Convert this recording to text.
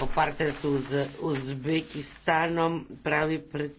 oparte z Uzbekistanom, pravi pred